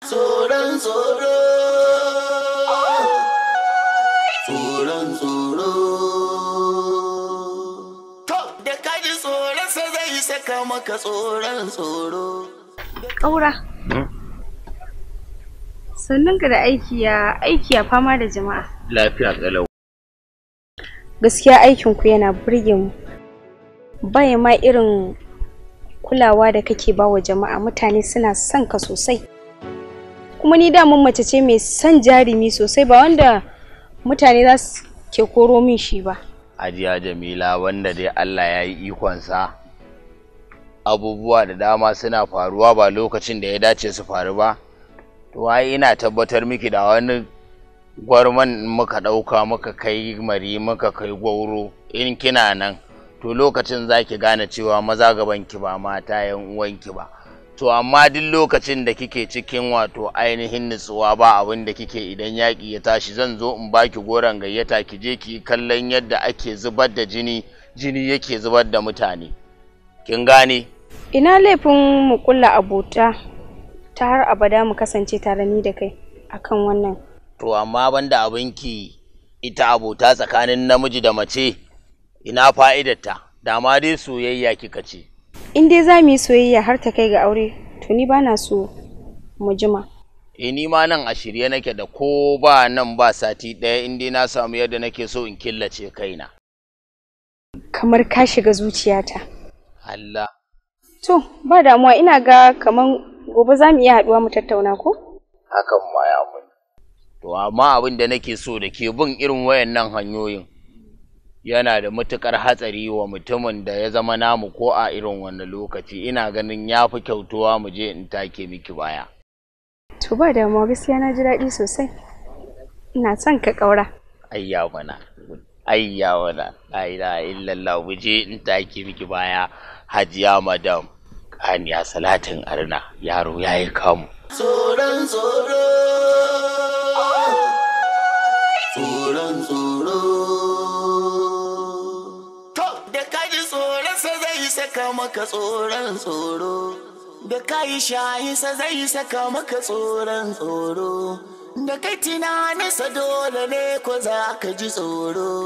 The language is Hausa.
tsoron tsoro tsoron tsoro to da kaji tsoron sa zai saka maka tsoron tsoro ƙaura sannan ka da aiki ya aiki ya fama da jama'a lafiya ƙalau gaskiya aikin ku yana burge mu bai ma irin kulawa da kake bawa jama'a mutane suna son ka sosai kuma ni da mun mace ce mai son jarumi sosai ba wanda mutane za su ke koro min shi ba ajiya jamila wanda dai Allah ya yi ikonsa abubuwa da dama suna faruwa ba lokacin da ya dace su faru ba to ai ina tabbatar miki da wani gwarman muka ɗauka muka kai mari muka kai gwauro in kina nan to lokacin za ki gane cewa maza gaban ki ba mata yan uwanki ba to amma duk lokacin da kike cikin wato ainihin nutsuwa ba abin da kike idan yaƙi ya tashi zan zo in baki goron gayyata ki je ki kallon yadda ake zubar da jini jini yake zubar da mutane kin gane ina laifin mu kulla abota ta har abada mu kasance tare ni da kai akan wannan to amma banda ki ita abota tsakanin namiji da mace ina fa'idarta Dama dai soyayya kika ce in dai za mu yi soyayya har ta kai ga aure to ni ba na so mu jima e ni ma nan a shirye nake da ko ba nan ba sati ɗaya in dai na samu yadda nake so in killace kaina kamar ka shiga zuciyata Allah to ba damuwa ina ga kamar gobe za mu iya haɗuwa mu tattauna ko hakan ma ya to amma abin da nake so da ke bin irin wayannan hanyoyin yana da matukar hatsari wa mutumin da ya zama namu ko a irin wannan lokaci ina ganin ya fi kyautuwa mu je in take miki baya to ba ma gaskiya na ji daɗi sosai ina son ka ƙaura ayya mana ayya mana ayya illallah mu je in take miki baya hajiya madam kaniya salatin arna yaro yayi kamu tsoron tsoro saka maka tsoron tsoro da kai shayinsa zai saka maka tsoron tsoro da kai tunaninsa dole ne ko za ka ji tsoro